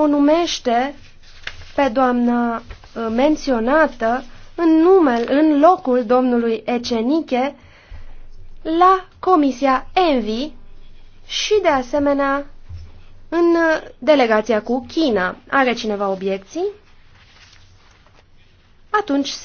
o numește pe doamna uh, menționată în, numel, în locul domnului Eceniche la Comisia Envi și, de asemenea, în uh, delegația cu China. Are cineva obiecții? Atunci